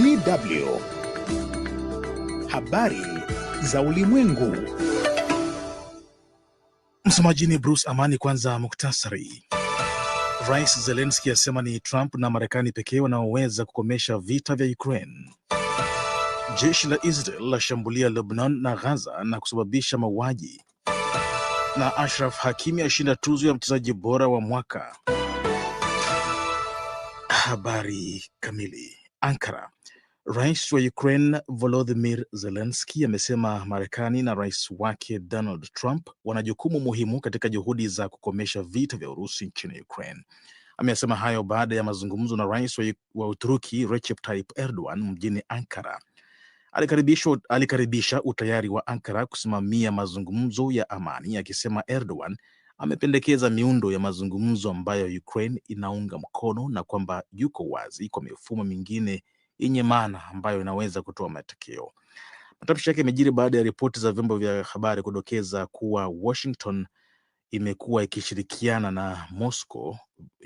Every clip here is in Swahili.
DW habari za ulimwengu. Msomaji ni Bruce Amani. Kwanza muktasari. Rais Zelenski asema ni Trump na Marekani pekee wanaoweza kukomesha vita vya Ukraine. Jeshi la Israel lashambulia Lebanon na Gaza na kusababisha mauaji. Na Ashraf Hakimi ashinda tuzo ya mchezaji bora wa mwaka. Habari kamili. Ankara Rais wa Ukraine Volodymyr Zelensky amesema Marekani na rais wake Donald Trump wana jukumu muhimu katika juhudi za kukomesha vita vya Urusi nchini Ukraine. Ameyasema hayo baada ya mazungumzo na rais wa Uturuki Recep Tayyip Erdogan mjini Ankara. Alikaribisha utayari wa Ankara kusimamia mazungumzo ya amani, akisema Erdogan amependekeza miundo ya mazungumzo ambayo Ukraine inaunga mkono na kwamba yuko wazi kwa mifumo mingine yenye maana ambayo inaweza kutoa matokeo. Matamshi yake imejiri baada ya ripoti za vyombo vya habari kudokeza kuwa Washington imekuwa ikishirikiana na Moscow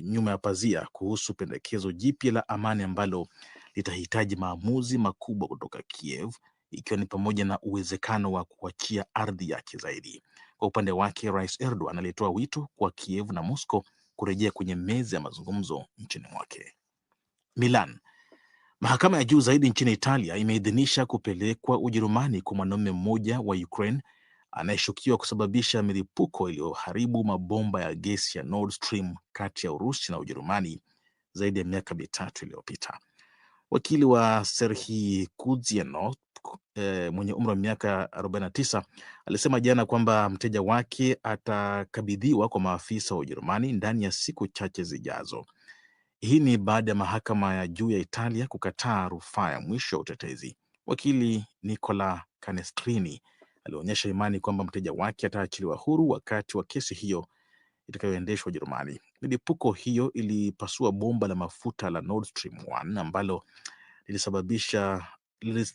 nyuma ya pazia kuhusu pendekezo jipya la amani ambalo litahitaji maamuzi makubwa kutoka Kiev, ikiwa ni pamoja na uwezekano wa kuachia ardhi yake zaidi. Kwa upande wake, Rais Erdogan alitoa wito kwa Kiev na Moscow kurejea kwenye meza ya mazungumzo nchini mwake. Milan Mahakama ya juu zaidi nchini Italia imeidhinisha kupelekwa Ujerumani kwa mwanaume mmoja wa Ukraine anayeshukiwa kusababisha milipuko iliyoharibu mabomba ya gesi ya Nord Stream kati ya Urusi na Ujerumani zaidi ya miaka mitatu iliyopita. Wakili wa Serhi Kuznetsov eh, mwenye umri wa miaka 49 alisema jana kwamba mteja wake atakabidhiwa kwa maafisa wa Ujerumani ndani ya siku chache zijazo. Hii ni baada ya mahakama ya juu ya Italia kukataa rufaa ya mwisho ya utetezi. Wakili Nicola Canestrini alionyesha imani kwamba mteja wake ataachiliwa huru wakati wa kesi hiyo itakayoendeshwa Ujerumani. Milipuko hiyo ilipasua bomba la mafuta la Nord Stream 1 ambalo lilisababisha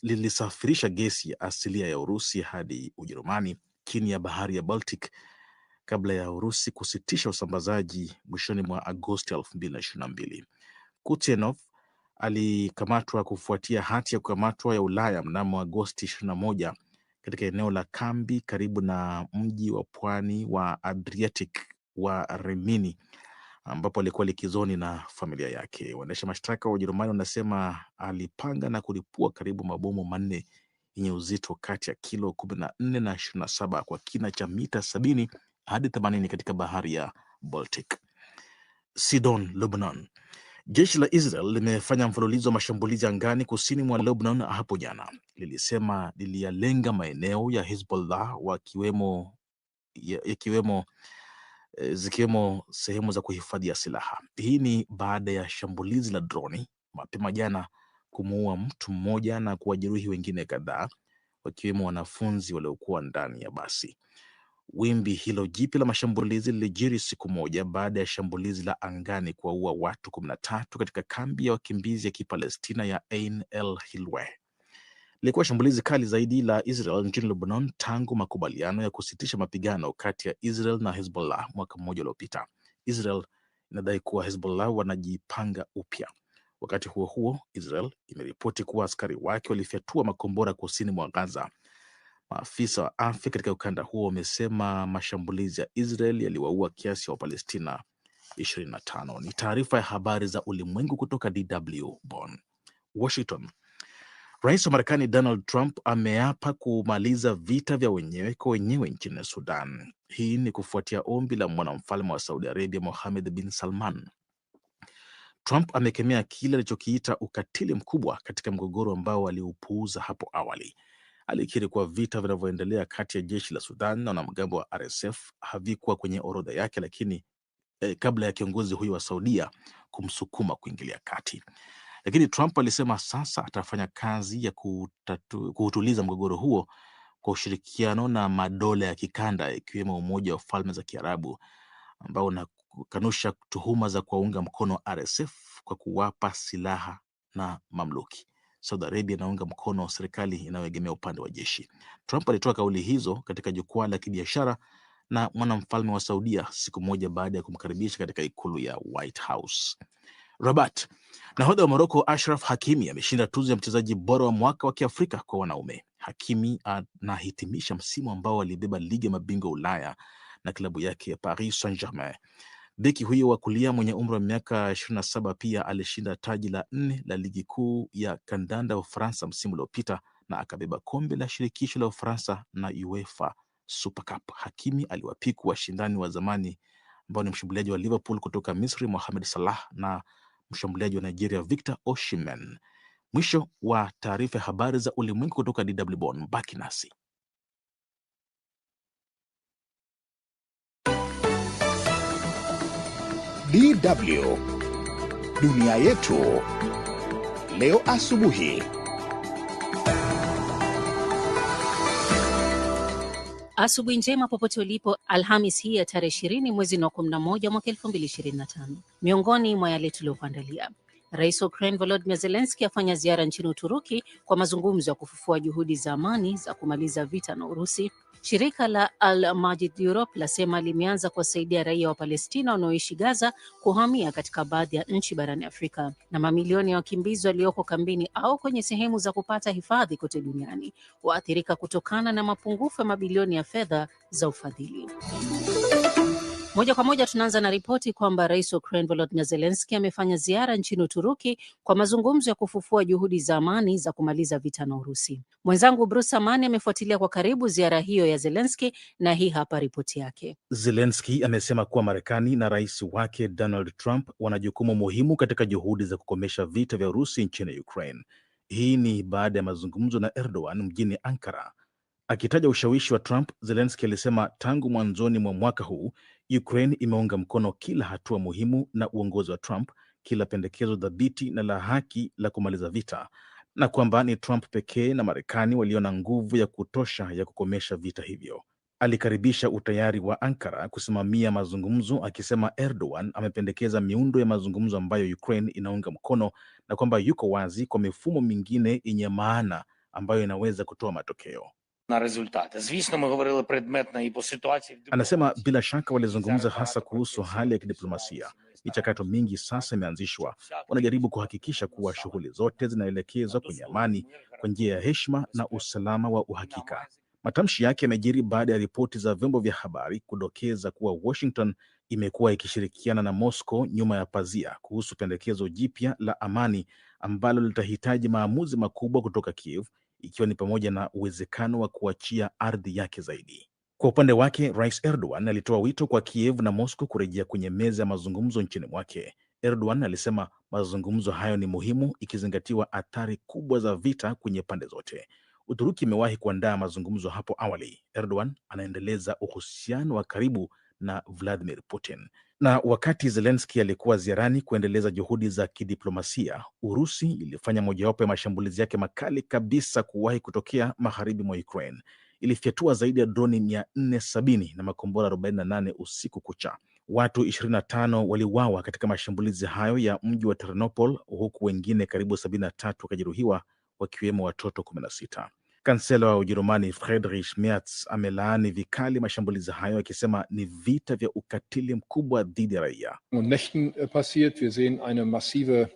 lilisafirisha gesi ya asilia ya Urusi hadi Ujerumani chini ya bahari ya Baltic kabla ya Urusi kusitisha usambazaji mwishoni mwa Agosti 2022. Kutenov alikamatwa kufuatia hati ya kukamatwa ya Ulaya mnamo Agosti 21 katika eneo la kambi karibu na mji wa pwani wa Adriatic wa Rimini ambapo alikuwa likizoni na familia yake. Waendesha mashtaka wa Ujerumani wanasema alipanga na kulipua karibu mabomu manne yenye uzito kati ya kilo kumi na nne na ishirini na saba kwa kina cha mita sabini hadi 80 katika bahari ya Baltic. Sidon, Lebanon. Jeshi la Israel limefanya mfululizo wa mashambulizi angani kusini mwa Lebanon hapo jana. Lilisema liliyalenga maeneo ya Hezbollah wakiwemo yakiwemo eh, zikiwemo sehemu za kuhifadhia silaha. Hii ni baada ya shambulizi la droni mapema jana kumuua mtu mmoja na kuwajeruhi wengine kadhaa, wakiwemo wanafunzi waliokuwa ndani ya basi. Wimbi hilo jipya la mashambulizi lilijiri siku moja baada ya shambulizi la angani kuwaua watu kumi na tatu katika kambi ya wakimbizi ya Kipalestina ya Ain el Hilwe. Lilikuwa shambulizi kali zaidi la Israel nchini Lebanon tangu makubaliano ya kusitisha mapigano kati ya Israel na Hezbollah mwaka mmoja uliopita. Israel inadai kuwa Hezbollah wanajipanga upya. Wakati huo huo, Israel imeripoti kuwa askari wake walifyatua makombora kusini mwa Gaza Maafisa wa afya katika ukanda huo wamesema mashambulizi ya Israel yaliwaua kiasi ya wa Wapalestina 25. Ni taarifa ya habari za ulimwengu kutoka DW Bonn. Washington. Rais wa Marekani Donald Trump ameapa kumaliza vita vya wenyewe kwa wenyewe nchini Sudan. Hii ni kufuatia ombi la mwanamfalme wa Saudi Arabia Mohammed bin Salman. Trump amekemea kile alichokiita ukatili mkubwa katika mgogoro ambao aliupuuza hapo awali alikiri kuwa vita vinavyoendelea kati ya jeshi la Sudan na wanamgambo wa RSF havikuwa kwenye orodha yake, lakini eh, kabla ya kiongozi huyo wa Saudia kumsukuma kuingilia kati. Lakini Trump alisema sasa atafanya kazi ya kuhutuliza kuutuliza mgogoro huo kwa ushirikiano na madola ya kikanda ikiwemo Umoja wa Falme za Kiarabu ambao unakanusha tuhuma za kuwaunga mkono RSF kwa kuwapa silaha na mamluki. Saudi Arabia inaunga mkono serikali inayoegemea upande wa jeshi. Trump alitoa kauli hizo katika jukwaa la kibiashara na mwanamfalme wa Saudia siku moja baada ya kumkaribisha katika ikulu ya White House. Rabat. Nahodha wa Moroko Ashraf Hakimi ameshinda tuzo ya mchezaji bora wa mwaka wa Kiafrika kwa wanaume. Hakimi anahitimisha msimu ambao alibeba ligi ya mabingwa Ulaya na klabu yake ya Paris Saint-Germain. Beki huyo wa kulia mwenye umri wa miaka 27 pia alishinda taji la nne la ligi kuu ya kandanda ya Ufaransa msimu uliopita na akabeba kombe la shirikisho la Ufaransa na UEFA Super Cup. Hakimi aliwapiku washindani wa zamani ambao ni mshambuliaji wa Liverpool kutoka Misri Mohamed Salah na mshambuliaji wa Nigeria Victor Osimhen. Mwisho wa taarifa ya habari za ulimwengu kutoka DW Bonn. Baki nasi. DW dunia yetu leo asubuhi. Asubuhi njema popote ulipo, Alhamis hii ya tarehe ishirini mwezi wa kumi na moja mwaka elfu mbili ishirini na tano. Miongoni mwa yale tuliyokuandalia Rais wa Ukraine Volodymyr Zelensky afanya ziara nchini Uturuki kwa mazungumzo ya kufufua juhudi za amani za kumaliza vita na Urusi. Shirika la Al Majid Europe lasema limeanza kuwasaidia raia wa Palestina wanaoishi Gaza kuhamia katika baadhi ya nchi barani Afrika. Na mamilioni ya wakimbizi walioko kambini au kwenye sehemu za kupata hifadhi kote duniani waathirika kutokana na mapungufu ya mabilioni ya fedha za ufadhili. Moja kwa moja tunaanza na ripoti kwamba rais wa Ukraine Volodymyr Zelensky amefanya ziara nchini Uturuki kwa mazungumzo ya kufufua juhudi za amani za kumaliza vita na Urusi. Mwenzangu Bruce Amani amefuatilia kwa karibu ziara hiyo ya Zelensky na hii hapa ripoti yake. Zelensky amesema kuwa Marekani na rais wake Donald Trump wana jukumu muhimu katika juhudi za kukomesha vita vya Urusi nchini Ukraine. Hii ni baada ya mazungumzo na Erdogan mjini Ankara Akitaja ushawishi wa Trump, zelenski alisema tangu mwanzoni mwa mwaka huu Ukraine imeunga mkono kila hatua muhimu na uongozi wa Trump, kila pendekezo dhabiti na la haki la kumaliza vita, na kwamba ni Trump pekee na Marekani walio na nguvu ya kutosha ya kukomesha vita hivyo. Alikaribisha utayari wa Ankara kusimamia mazungumzo, akisema Erdogan amependekeza miundo ya mazungumzo ambayo Ukraine inaunga mkono na kwamba yuko wazi kwa mifumo mingine yenye maana ambayo inaweza kutoa matokeo на результати. Звісно, ми говорили предметно і по ситуації. Anasema bila shaka walizungumza hasa kuhusu hali ya kidiplomasia. Michakato mingi sasa imeanzishwa, wanajaribu kuhakikisha kuwa shughuli zote zinaelekezwa kwenye amani kwa njia ya heshima na usalama wa uhakika. Matamshi yake yamejiri baada ya ripoti za vyombo vya habari kudokeza kuwa Washington imekuwa ikishirikiana na Moscow nyuma ya pazia kuhusu pendekezo jipya la amani ambalo litahitaji maamuzi makubwa kutoka Kiev ikiwa ni pamoja na uwezekano wa kuachia ardhi yake zaidi. Kwa upande wake, Rais Erdogan alitoa wito kwa Kiev na Moscow kurejea kwenye meza ya mazungumzo nchini mwake. Erdogan alisema mazungumzo hayo ni muhimu ikizingatiwa athari kubwa za vita kwenye pande zote. Uturuki imewahi kuandaa mazungumzo hapo awali. Erdogan anaendeleza uhusiano wa karibu na Vladimir Putin. Na wakati zelenski alikuwa ziarani kuendeleza juhudi za kidiplomasia, Urusi ilifanya mojawapo ya mashambulizi yake makali kabisa kuwahi kutokea magharibi mwa Ukraine. Ilifyatua zaidi ya droni mia4e sabini na makombora 48 usiku kucha. Watu 25 waliuawa katika mashambulizi hayo ya mji wa Ternopil, huku wengine karibu 73 wakajeruhiwa wakiwemo watoto 16. Kansela wa Ujerumani Friedrich Merz amelaani vikali mashambulizi hayo akisema ni vita vya ukatili mkubwa dhidi ya raia. Nächten äh, passiert wir sehen eine massive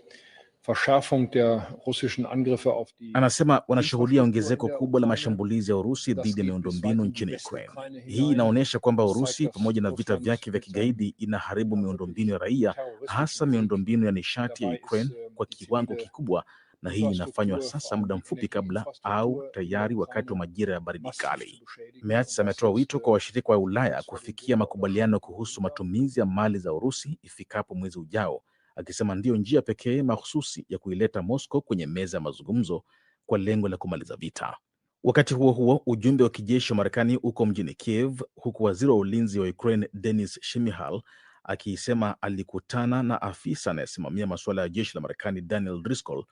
verschärfung der russischen angriffe auf die. Anasema wanashuhudia ongezeko kubwa la mashambulizi ya Urusi dhidi ya miundombinu nchini Ukraine. Hii inaonyesha kwamba Urusi pamoja na vita vyake vya kigaidi inaharibu miundombinu ya raia, hasa miundombinu ya nishati ya Ukraine äh, kwa kiwango kikubwa na hii inafanywa sasa muda mfupi kabla au tayari wakati wa majira ya baridi kali. Merz ametoa wito kwa washirika wa Ulaya kufikia makubaliano kuhusu matumizi ya mali za Urusi ifikapo mwezi ujao, akisema ndiyo njia pekee mahususi ya kuileta Moscow kwenye meza ya mazungumzo kwa lengo la kumaliza vita. Wakati huo huo, ujumbe wa kijeshi wa Marekani uko mjini Kiev, huku waziri wa ulinzi wa Ukraine Denis Shimihal akisema alikutana na afisa anayesimamia masuala ya jeshi la Marekani Daniel Driscoll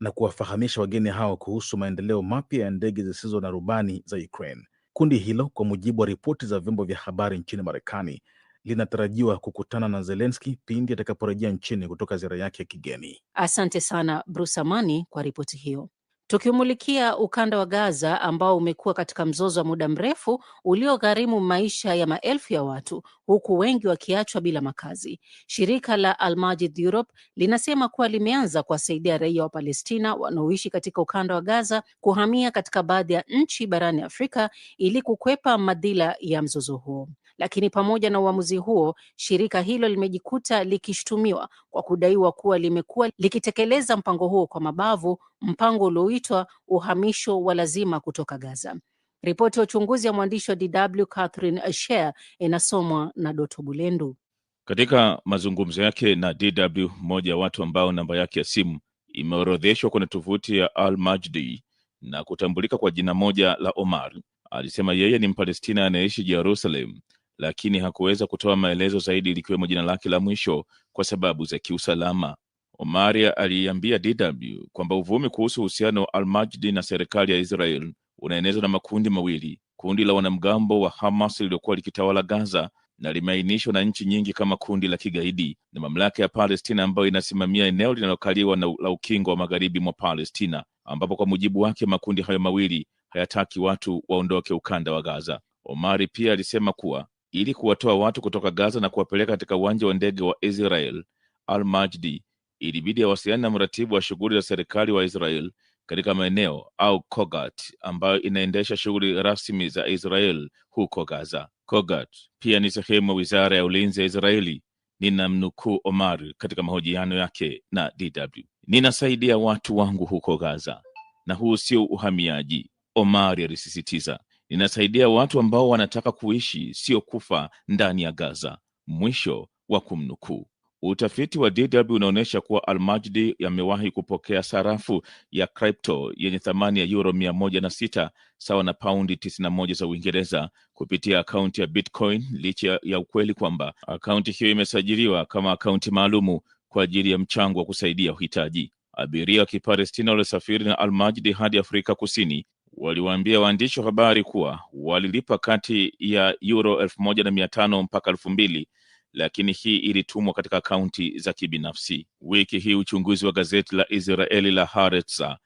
na kuwafahamisha wageni hao kuhusu maendeleo mapya ya ndege zisizo na rubani za Ukraine. Kundi hilo, kwa mujibu wa ripoti za vyombo vya habari nchini Marekani, linatarajiwa kukutana na Zelenski pindi atakaporejea nchini kutoka ziara yake ya kigeni. Asante sana Bruce Amani kwa ripoti hiyo tukimulikia ukanda wa Gaza ambao umekuwa katika mzozo wa muda mrefu uliogharimu maisha ya maelfu ya watu huku wengi wakiachwa bila makazi. Shirika la Almajid Europe linasema kuwa limeanza kuwasaidia raia wa Palestina wanaoishi katika ukanda wa Gaza kuhamia katika baadhi ya nchi barani Afrika ili kukwepa madhila ya mzozo huo. Lakini pamoja na uamuzi huo, shirika hilo limejikuta likishutumiwa kwa kudaiwa kuwa limekuwa likitekeleza mpango huo kwa mabavu, mpango ulioitwa uhamisho wa lazima kutoka Gaza. Ripoti ya uchunguzi ya mwandishi wa DW Catherine Asher inasomwa na Doto Bulendu. Katika mazungumzo yake na DW, mmoja ya watu ambao namba yake ya simu imeorodheshwa kwenye tovuti ya Al Majdi na kutambulika kwa jina moja la Omar, alisema yeye ni Mpalestina anayeishi Jerusalem lakini hakuweza kutoa maelezo zaidi likiwemo jina lake la mwisho kwa sababu za kiusalama. Omaria aliiambia DW kwamba uvumi kuhusu uhusiano wa Almajdi na serikali ya Israel unaenezwa na makundi mawili, kundi la wanamgambo wa Hamas lililokuwa likitawala Gaza na limeainishwa na nchi nyingi kama kundi la kigaidi na mamlaka ya Palestina ambayo inasimamia eneo linalokaliwa la ukingo wa magharibi mwa Palestina, ambapo kwa mujibu wake makundi hayo mawili hayataki watu waondoke ukanda wa Gaza. Omari pia alisema kuwa ili kuwatoa watu kutoka Gaza na kuwapeleka katika uwanja wa ndege wa Israel Al-Majdi, ilibidi awasiliane na mratibu wa shughuli za serikali wa Israel katika maeneo au COGAT ambayo inaendesha shughuli rasmi za Israel huko Gaza. COGAT pia ni sehemu ya wizara ya ulinzi ya Israeli. Ninamnukuu Omar katika mahojiano yake na DW. Ninasaidia watu wangu huko Gaza na huu sio uhamiaji, Omar alisisitiza inasaidia watu ambao wanataka kuishi, sio kufa ndani ya Gaza. Mwisho wa kumnukuu. Utafiti wa DW unaonyesha kuwa Almajdi yamewahi kupokea sarafu ya crypto yenye thamani ya euro 16 sawa na paundi 91 za Uingereza kupitia akaunti ya Bitcoin licha ya ukweli kwamba akaunti hiyo imesajiliwa kama akaunti maalumu kwa ajili ya mchango wa kusaidia uhitaji. Abiria wa Kipalestina waliosafiri na Almajdi hadi Afrika Kusini waliwaambia waandishi wa habari kuwa walilipa kati ya euro elfu moja na mia tano mpaka elfu mbili lakini hii ilitumwa katika akaunti za kibinafsi. Wiki hii uchunguzi wa gazeti la Israeli la haretsa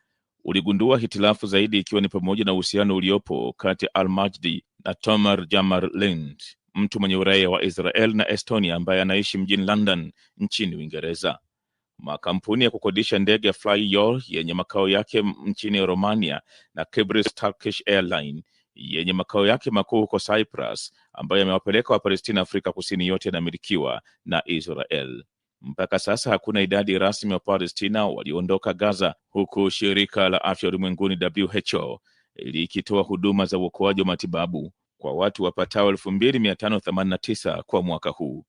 uligundua hitilafu zaidi, ikiwa ni pamoja na uhusiano uliopo kati ya Al-Majdi na jamar lind mtu mwenye uraia wa Israel na Estonia ambaye anaishi mjini London nchini Uingereza. Makampuni ya kukodisha ndege ya Flyyour yenye makao yake nchini Romania na Kibris Turkish Airline yenye makao yake makuu huko Cyprus ambayo yamewapeleka Wapalestina Afrika Kusini yote yanamilikiwa na Israel. Mpaka sasa hakuna idadi rasmi ya Wapalestina walioondoka Gaza, huku shirika la afya ulimwenguni WHO likitoa huduma za uokoaji wa matibabu kwa watu wapatao 2589 kwa mwaka huu.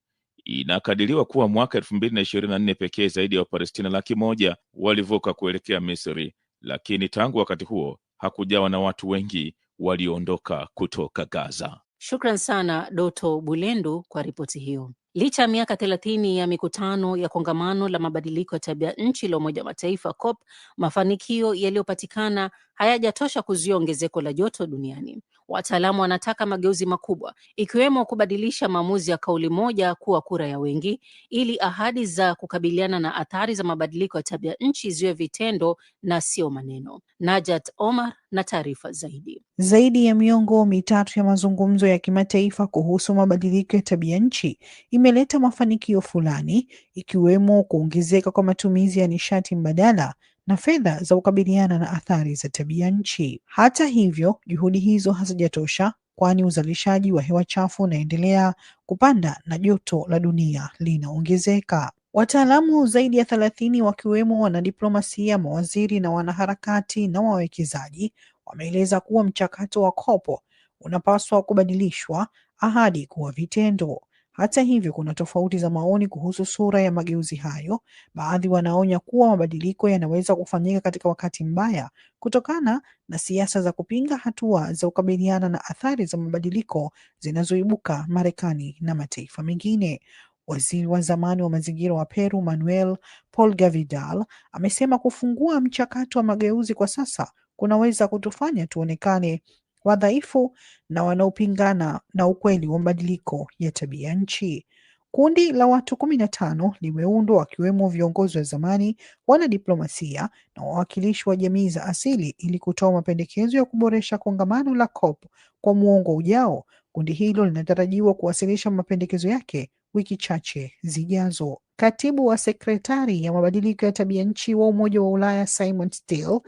Inakadiriwa kuwa mwaka elfu mbili na ishirini na nne pekee zaidi ya Wapalestina laki moja walivuka kuelekea Misri, lakini tangu wakati huo hakujawa na watu wengi walioondoka kutoka Gaza. Shukran sana Doto Bulendu kwa ripoti hiyo. Licha ya miaka thelathini ya mikutano ya kongamano la mabadiliko ya tabia nchi la Umoja wa Mataifa COP, mafanikio yaliyopatikana hayajatosha kuzuia ongezeko la joto duniani. Wataalamu wanataka mageuzi makubwa, ikiwemo kubadilisha maamuzi ya kauli moja kuwa kura ya wengi, ili ahadi za kukabiliana na athari za mabadiliko ya tabia nchi ziwe vitendo na sio maneno. Najat Omar na taarifa zaidi. Zaidi ya miongo mitatu ya mazungumzo ya kimataifa kuhusu mabadiliko ya tabia nchi imeleta mafanikio fulani, ikiwemo kuongezeka kwa matumizi ya nishati mbadala na fedha za kukabiliana na athari za tabia nchi. Hata hivyo, juhudi hizo hazijatosha kwani uzalishaji wa hewa chafu unaendelea kupanda na joto la dunia linaongezeka. Wataalamu zaidi ya thelathini wakiwemo wanadiplomasia, mawaziri na wanaharakati na wawekezaji wameeleza kuwa mchakato wa kopo unapaswa kubadilishwa ahadi kuwa vitendo. Hata hivyo, kuna tofauti za maoni kuhusu sura ya mageuzi hayo. Baadhi wanaonya kuwa mabadiliko yanaweza kufanyika katika wakati mbaya kutokana na siasa za kupinga hatua za kukabiliana na athari za mabadiliko zinazoibuka Marekani na mataifa mengine. Waziri wa zamani wa mazingira wa Peru Manuel Polga Vidal amesema kufungua mchakato wa mageuzi kwa sasa kunaweza kutufanya tuonekane wadhaifu na wanaopingana na ukweli wa mabadiliko ya tabia nchi. Kundi la watu kumi na tano limeundwa wakiwemo viongozi wa zamani, wanadiplomasia na wawakilishi wa jamii za asili ili kutoa mapendekezo ya kuboresha kongamano la COP kwa muongo ujao. Kundi hilo linatarajiwa kuwasilisha mapendekezo yake wiki chache zijazo. Katibu wa sekretari ya mabadiliko ya tabia nchi wa Umoja wa Ulaya Simon Steele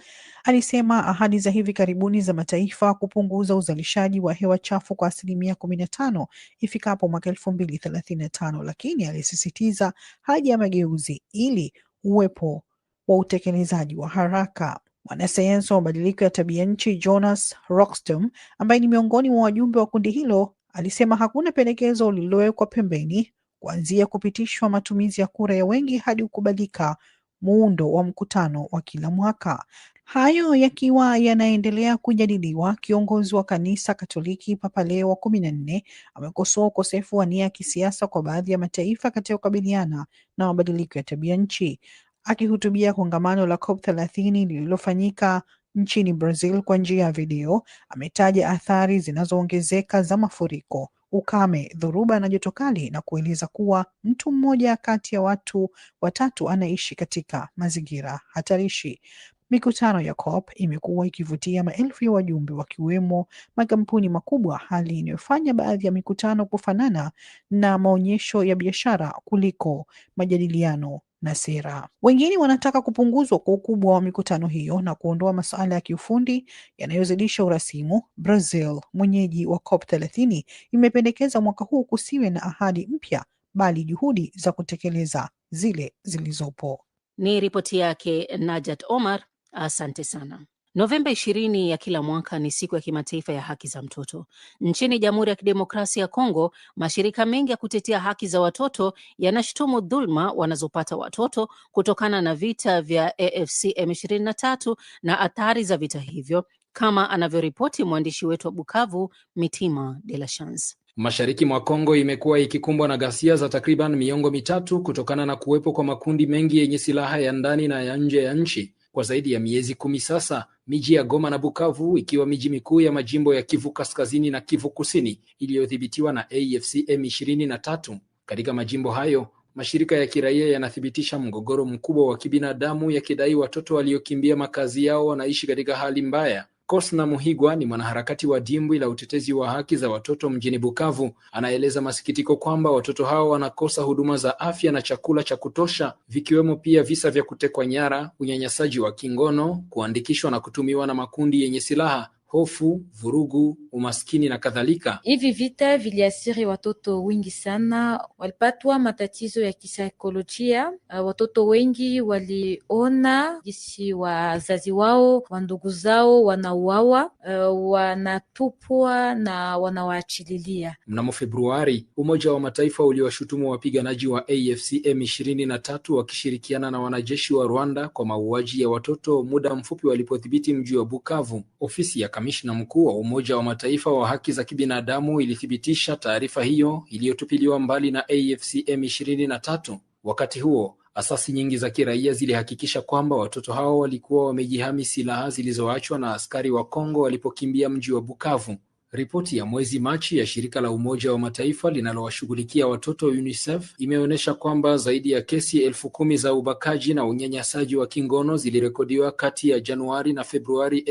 alisema ahadi za hivi karibuni za mataifa kupunguza uzalishaji wa hewa chafu kwa asilimia kumi na tano ifikapo mwaka elfu mbili thelathini na tano, lakini alisisitiza haja ya mageuzi ili uwepo wa utekelezaji wa haraka. Mwanasayansi wa mabadiliko ya tabia nchi Jonas Rockstrom ambaye ni miongoni mwa wajumbe wa kundi hilo alisema hakuna pendekezo lililowekwa pembeni kuanzia kupitishwa matumizi ya kura ya wengi hadi kukubalika muundo wa mkutano wa kila mwaka. Hayo yakiwa yanaendelea kujadiliwa, kiongozi wa kanisa Katoliki Papa Leo wa kumi na nne amekosoa ukosefu wa nia ya kisiasa kwa baadhi ya mataifa katika kukabiliana na mabadiliko ya tabia nchi. Akihutubia kongamano la COP thelathini lililofanyika nchini Brazil kwa njia ya video, ametaja athari zinazoongezeka za mafuriko, ukame, dhoruba na joto kali na kueleza kuwa mtu mmoja kati ya watu watatu anaishi katika mazingira hatarishi. Mikutano ya COP imekuwa ikivutia maelfu ya wajumbe wakiwemo makampuni makubwa, hali inayofanya baadhi ya mikutano kufanana na maonyesho ya biashara kuliko majadiliano na sera. Wengine wanataka kupunguzwa kwa ukubwa wa mikutano hiyo na kuondoa masuala ya kiufundi yanayozidisha urasimu. Brazil, mwenyeji wa COP 30, imependekeza mwaka huu kusiwe na ahadi mpya bali juhudi za kutekeleza zile zilizopo. Ni ripoti yake Najat Omar. Asante sana. Novemba ishirini ya kila mwaka ni siku ya kimataifa ya haki za mtoto. Nchini Jamhuri ya Kidemokrasia ya Kongo, mashirika mengi ya kutetea haki za watoto yanashutumu dhulma wanazopata watoto kutokana na vita vya AFC M23 na athari za vita hivyo, kama anavyoripoti mwandishi wetu wa Bukavu, Mitima de la Chance. Mashariki mwa Kongo imekuwa ikikumbwa na ghasia za takriban miongo mitatu kutokana na kuwepo kwa makundi mengi yenye silaha ya ndani na ya nje ya nchi kwa zaidi ya miezi kumi sasa, miji ya Goma na Bukavu ikiwa miji mikuu ya majimbo ya Kivu Kaskazini na Kivu Kusini iliyodhibitiwa na AFC M23. Katika majimbo hayo mashirika ya kiraia yanathibitisha mgogoro mkubwa wa kibinadamu yakidai watoto waliokimbia makazi yao wanaishi katika hali mbaya. Cosna Muhigwa ni mwanaharakati wa dimbwi la utetezi wa haki za watoto mjini Bukavu. Anaeleza masikitiko kwamba watoto hao wanakosa huduma za afya na chakula cha kutosha, vikiwemo pia visa vya kutekwa nyara, unyanyasaji wa kingono, kuandikishwa na kutumiwa na makundi yenye silaha, hofu, vurugu umaskini na kadhalika. Hivi vita viliasiri watoto wengi sana, walipatwa matatizo ya kisaikolojia. Uh, watoto wengi waliona jinsi wazazi wao, wandugu zao wanauawa, uh, wanatupwa na wanawaachililia. Mnamo Februari, Umoja wa Mataifa uliwashutumu wapiganaji wa AFC M23 wakishirikiana na wanajeshi wa Rwanda kwa mauaji ya watoto muda mfupi walipodhibiti mji wa Bukavu. Ofisi ya kamishna mkuu wa Umoja wa Mataifa Kimataifa wa Haki za Kibinadamu ilithibitisha taarifa hiyo iliyotupiliwa mbali na AFC M23. Wakati huo, asasi nyingi za kiraia zilihakikisha kwamba watoto hao walikuwa wamejihami silaha zilizoachwa na askari wa Kongo walipokimbia mji wa Bukavu. Ripoti ya mwezi Machi ya shirika la Umoja wa Mataifa linalowashughulikia watoto UNICEF imeonyesha kwamba zaidi ya kesi elfu kumi za ubakaji na unyanyasaji wa kingono zilirekodiwa kati ya Januari na Februari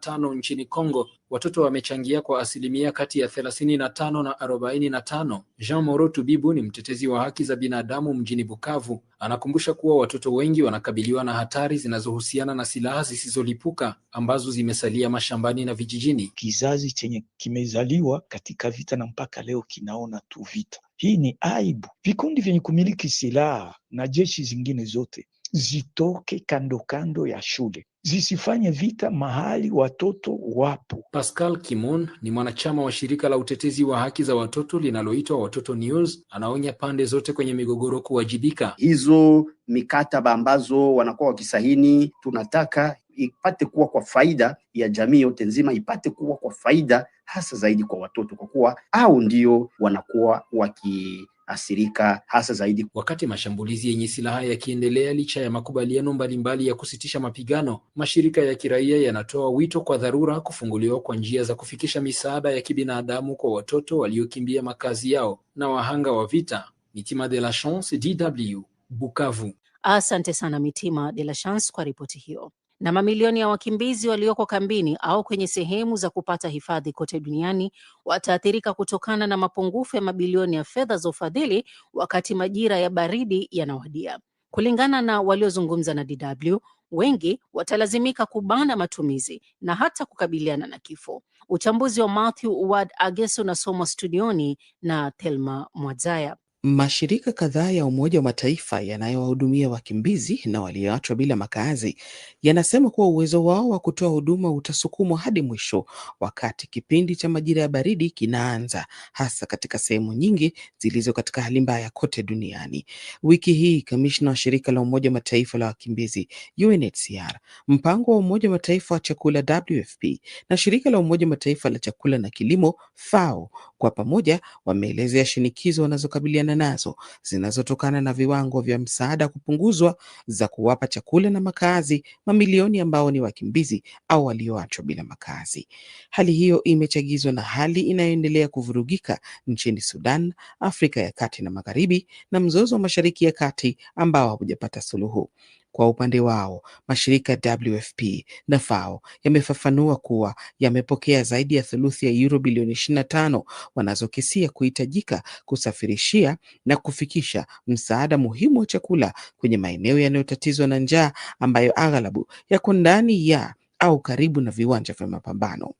tano nchini congo watoto wamechangia kwa asilimia kati ya 35 na 45. Jean Moro Tubibu ni mtetezi wa haki za binadamu mjini Bukavu, anakumbusha kuwa watoto wengi wanakabiliwa na hatari zinazohusiana na silaha zisizolipuka ambazo zimesalia mashambani na vijijini. Kizazi chenye kimezaliwa katika vita na mpaka leo kinaona tu vita. Hii ni aibu. Vikundi vyenye kumiliki silaha na jeshi zingine zote zitoke kando kando ya shule zisifanye vita mahali watoto wapo. Pascal Kimon ni mwanachama wa shirika la utetezi wa haki za watoto linaloitwa Watoto News, anaonya pande zote kwenye migogoro kuwajibika. Hizo mikataba ambazo wanakuwa wakisahini, tunataka ipate kuwa kwa faida ya jamii yote nzima, ipate kuwa kwa faida hasa zaidi kwa watoto, kwa kuwa au ndio wanakuwa waki asirika hasa zaidi. Wakati mashambulizi yenye silaha yakiendelea licha ya makubaliano mbalimbali ya kusitisha mapigano, mashirika ya kiraia yanatoa wito kwa dharura kufunguliwa kwa njia za kufikisha misaada ya kibinadamu kwa watoto waliokimbia makazi yao na wahanga wa vita. Mitima de la Chance, DW, Bukavu. Asante sana Mitima de la Chance kwa ripoti hiyo na mamilioni ya wakimbizi walioko kambini au kwenye sehemu za kupata hifadhi kote duniani wataathirika kutokana na mapungufu ya mabilioni ya fedha za ufadhili wakati majira ya baridi yanawadia. Kulingana na waliozungumza na DW, wengi watalazimika kubana matumizi na hata kukabiliana na kifo. Uchambuzi wa Matthew Ward Ageso unasomwa studioni na Thelma Mwadzaya. Mashirika kadhaa ya Umoja wa Mataifa yanayowahudumia wakimbizi na walioachwa bila makazi yanasema kuwa uwezo wao wa kutoa huduma utasukumwa hadi mwisho wakati kipindi cha majira ya baridi kinaanza, hasa katika sehemu nyingi zilizo katika hali mbaya kote duniani. Wiki hii kamishna wa shirika la Umoja wa Mataifa la wakimbizi UNHCR, mpango wa Umoja wa Mataifa wa chakula WFP na shirika la Umoja wa Mataifa la chakula na kilimo FAO kwa pamoja wameelezea shinikizo wanazokabiliana wanazokumbana nazo zinazotokana na viwango vya msaada kupunguzwa za kuwapa chakula na makazi mamilioni ambao ni wakimbizi au walioachwa bila makazi. Hali hiyo imechagizwa na hali inayoendelea kuvurugika nchini Sudan, Afrika ya Kati na Magharibi na mzozo wa Mashariki ya Kati ambao haujapata suluhu. Kwa upande wao, mashirika ya WFP na FAO yamefafanua kuwa yamepokea zaidi ya theluthi ya euro bilioni 25 wanazokisia kuhitajika kusafirishia na kufikisha msaada muhimu wa chakula kwenye maeneo yanayotatizwa na njaa ambayo aghalabu yako ndani ya au karibu na viwanja vya mapambano.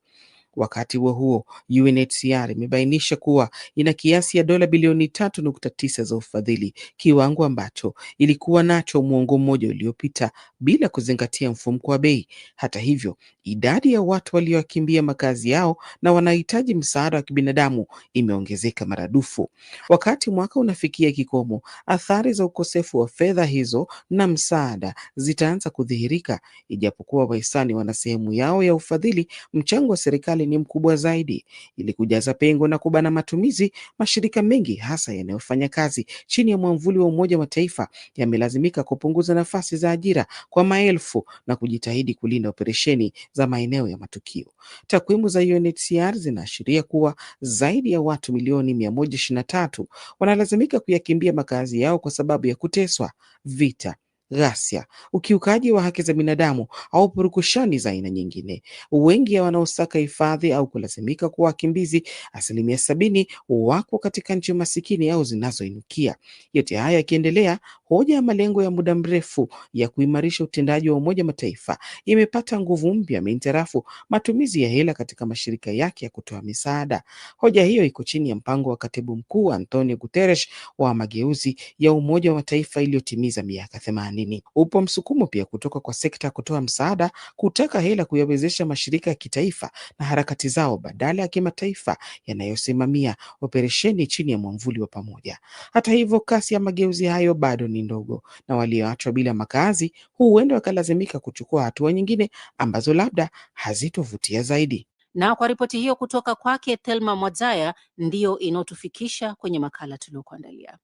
Wakati huo huo, UNHCR imebainisha kuwa ina kiasi ya dola bilioni 3.9 za ufadhili, kiwango ambacho ilikuwa nacho mwongo mmoja uliopita bila kuzingatia mfumko wa bei. Hata hivyo, idadi ya watu waliokimbia makazi yao na wanahitaji msaada wa kibinadamu imeongezeka maradufu. Wakati mwaka unafikia kikomo, athari za ukosefu wa fedha hizo na msaada zitaanza kudhihirika, ijapokuwa wahisani wana sehemu yao ya ufadhili. Mchango wa serikali serikali ni mkubwa zaidi. Ili kujaza pengo na kubana matumizi, mashirika mengi hasa yanayofanya kazi chini ya mwamvuli wa Umoja wa Mataifa yamelazimika kupunguza nafasi za ajira kwa maelfu na kujitahidi kulinda operesheni za maeneo ya matukio. Takwimu za UNHCR zinaashiria kuwa zaidi ya watu milioni mia moja tatu wanalazimika kuyakimbia makazi yao kwa sababu ya kuteswa, vita ghasia, ukiukaji wa haki za binadamu au purukushani za aina nyingine. Wengi ya wanaosaka hifadhi au kulazimika kuwa wakimbizi, asilimia sabini, wako katika nchi masikini au zinazoinukia. Yote haya yakiendelea, hoja ya malengo ya muda mrefu ya kuimarisha utendaji wa Umoja Mataifa imepata nguvu mpya mintarafu matumizi ya hela katika mashirika yake ya kutoa misaada. Hoja hiyo iko chini ya mpango wa katibu mkuu Antonio Guterres wa mageuzi ya Umoja wa Mataifa iliyotimiza miaka themanini madini. Upo msukumo pia kutoka kwa sekta ya kutoa msaada, kutaka hela kuyawezesha mashirika ya kitaifa na harakati zao badala ya kimataifa yanayosimamia operesheni chini ya mwamvuli wa pamoja. Hata hivyo, kasi ya mageuzi hayo bado ni ndogo, na walioachwa bila makazi huenda wakalazimika kuchukua hatua nyingine ambazo labda hazitovutia zaidi. Na kwa ripoti hiyo kutoka kwake Thelma mwajaya ndiyo inayotufikisha kwenye makala tuliokuandalia.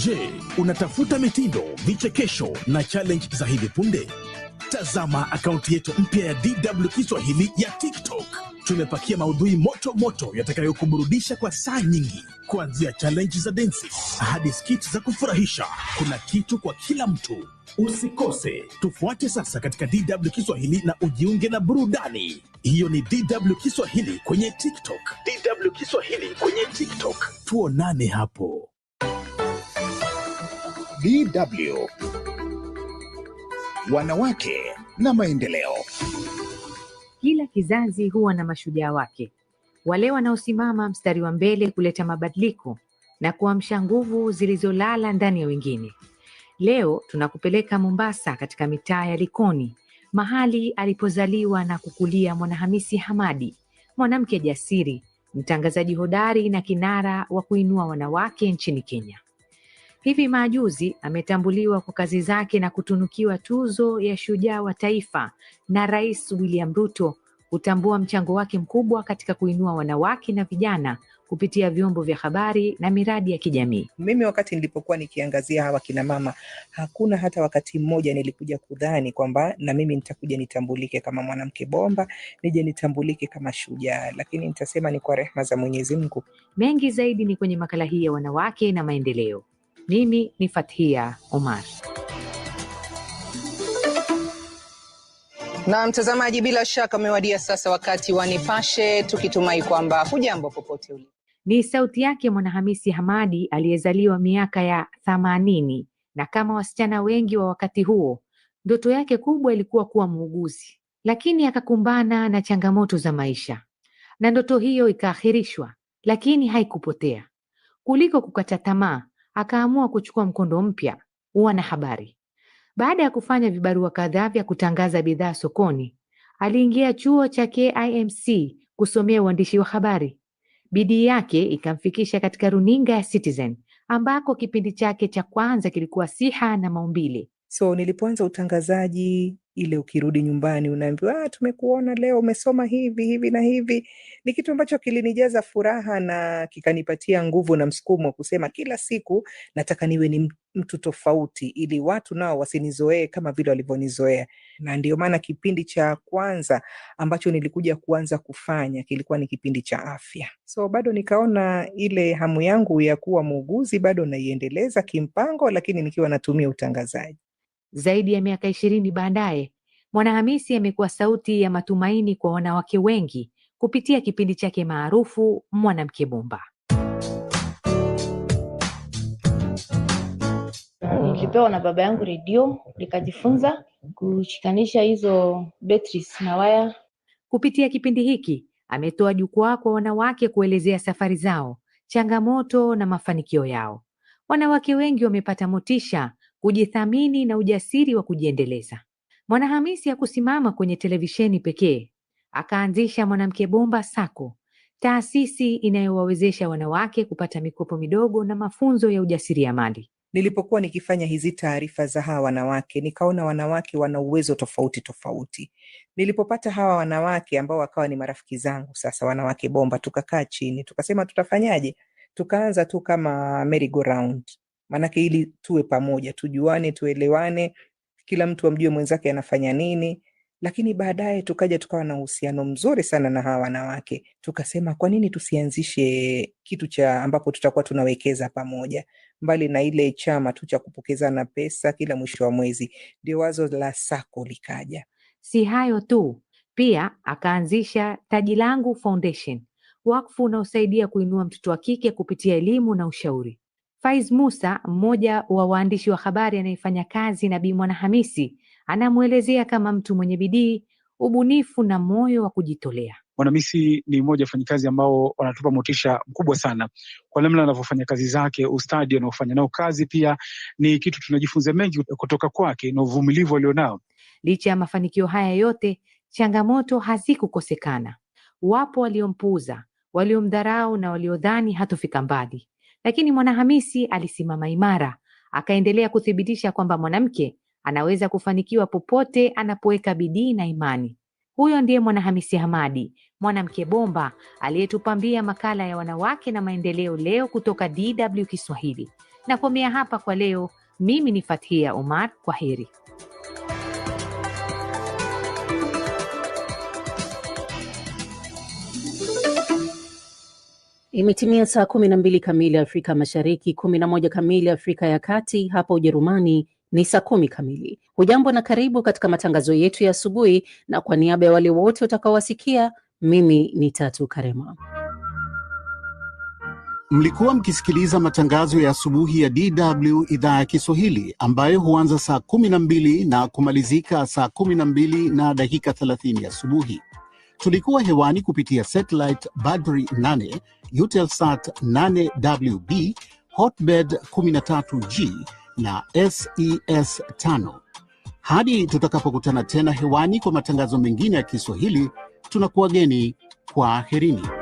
Je, unatafuta mitindo, vichekesho na challenge za hivi punde? Tazama akaunti yetu mpya ya DW Kiswahili ya TikTok. Tumepakia maudhui moto moto yatakayokuburudisha kwa saa nyingi, kuanzia challenge za densi hadi skit za kufurahisha. Kuna kitu kwa kila mtu, usikose. Tufuate sasa katika DW Kiswahili na ujiunge na burudani hiyo. Ni DW Kiswahili kwenye TikTok, DW Kiswahili kwenye TikTok. Tuonane hapo. BW, wanawake na maendeleo. Kila kizazi huwa na mashujaa wake, wale wanaosimama mstari wa mbele kuleta mabadiliko na kuamsha nguvu zilizolala ndani ya wengine. Leo tunakupeleka Mombasa, katika mitaa ya Likoni, mahali alipozaliwa na kukulia Mwanahamisi Hamadi, mwanamke jasiri, mtangazaji hodari na kinara wa kuinua wanawake nchini Kenya. Hivi majuzi ametambuliwa kwa kazi zake na kutunukiwa Tuzo ya Shujaa wa Taifa na Rais William Ruto kutambua mchango wake mkubwa katika kuinua wanawake na vijana kupitia vyombo vya habari na miradi ya kijamii. Mimi wakati nilipokuwa nikiangazia hawa kina mama, hakuna hata wakati mmoja nilikuja kudhani kwamba na mimi nitakuja nitambulike kama mwanamke bomba, nije nitambulike kama shujaa, lakini nitasema ni kwa rehma za Mwenyezi Mungu. Mengi zaidi ni kwenye makala hii ya wanawake na maendeleo. Mimi ni Fathia Omar. Na mtazamaji, bila shaka umewadia sasa wakati wa Nipashe, tukitumai kwamba hujambo popote ulipo. Ni sauti yake Mwanahamisi Hamadi aliyezaliwa miaka ya thamanini, na kama wasichana wengi wa wakati huo, ndoto yake kubwa ilikuwa kuwa muuguzi, lakini akakumbana na changamoto za maisha na ndoto hiyo ikaahirishwa, lakini haikupotea. Kuliko kukata tamaa, akaamua kuchukua mkondo mpya: habari Baada ya kufanya vibarua kadhaa vya kutangaza bidhaa sokoni, aliingia chuo cha KIMC kusomea uandishi wa habari. Bidii yake ikamfikisha katika runinga ya Citizen ambako kipindi chake cha kwanza kilikuwa siha na maumbile. So nilipoanza utangazaji ile ukirudi nyumbani unaambiwa, ah, tumekuona leo umesoma hivi hivi na hivi. Ni kitu ambacho kilinijaza furaha na kikanipatia nguvu na msukumo wa kusema kila siku nataka niwe ni mtu tofauti, ili watu nao wasinizoee kama vile walivyonizoea. Na ndio maana kipindi cha kwanza ambacho nilikuja kuanza kufanya kilikuwa ni kipindi cha afya, so bado nikaona ile hamu yangu ya kuwa muuguzi bado naiendeleza kimpango, lakini nikiwa natumia utangazaji. Zaidi ya miaka ishirini baadaye, Mwanahamisi amekuwa sauti ya matumaini kwa wanawake wengi kupitia kipindi chake maarufu Mwanamke Bomba. Nilipewa na baba yangu redio, nikajifunza kushikanisha hizo batteries na waya. Kupitia kipindi hiki ametoa jukwaa kwa wanawake kuelezea safari zao, changamoto na mafanikio yao. Wanawake wengi wamepata motisha kujithamini na ujasiri wa kujiendeleza. Mwanahamisi hakusimama kwenye televisheni pekee, akaanzisha Mwanamke Bomba Sacco, taasisi inayowawezesha wanawake kupata mikopo midogo na mafunzo ya ujasiriamali. Nilipokuwa nikifanya hizi taarifa za hawa wanawake, nikaona wanawake wana uwezo tofauti tofauti. Nilipopata hawa wanawake ambao wakawa ni marafiki zangu, sasa wanawake bomba, tukakaa chini tukasema tutafanyaje? Tukaanza tu kama merry go round, maanake ili tuwe pamoja, tujuane, tuelewane, kila mtu amjue mwenzake anafanya nini. Lakini baadaye tukaja tukawa na uhusiano mzuri sana na hawa wanawake, tukasema kwa nini tusianzishe kitu cha ambapo tutakuwa tunawekeza pamoja, mbali na ile chama tu cha kupokezana pesa kila mwisho wa mwezi. Ndio wazo la Sako likaja. Si hayo tu, pia akaanzisha Taji Langu Foundation, wakfu unaosaidia kuinua mtoto wa kike kupitia elimu na ushauri. Faiz Musa, mmoja wa waandishi wa habari anayefanya kazi na Bi Mwanahamisi, anamwelezea kama mtu mwenye bidii, ubunifu na moyo wa kujitolea. Mwanahamisi ni mmoja wa wafanyakazi ambao wanatupa motisha mkubwa sana kwa namna anavyofanya kazi zake, ustadi anaofanya nao kazi, pia ni kitu tunajifunza mengi kutoka kwake na uvumilivu alionao. Licha ya mafanikio haya yote, changamoto hazikukosekana. Wapo waliompuuza, waliomdharau na waliodhani hatofika mbali. Lakini Mwanahamisi alisimama imara, akaendelea kuthibitisha kwamba mwanamke anaweza kufanikiwa popote anapoweka bidii na imani. Huyo ndiye Mwanahamisi Hamadi, mwanamke bomba aliyetupambia makala ya wanawake na maendeleo leo kutoka DW Kiswahili. Nakomea hapa kwa leo. Mimi ni Fathia Omar, kwa heri. Imetimia saa kumi na mbili kamili Afrika Mashariki, kumi na moja kamili Afrika ya Kati, hapa Ujerumani ni saa kumi kamili. Hujambo na karibu katika matangazo yetu ya asubuhi, na kwa niaba ya wale wote utakaowasikia, mimi ni Tatu Karema. Mlikuwa mkisikiliza matangazo ya asubuhi ya DW idhaa ya Kiswahili ambayo huanza saa kumi na mbili na kumalizika saa kumi na mbili na dakika thelathini asubuhi. Tulikuwa hewani kupitia satellite badry 8, utelsat 8WB, hotbed 13G na SES 5. E Hadi tutakapokutana tena hewani kwa matangazo mengine ya Kiswahili, tunakuwageni kwa herini.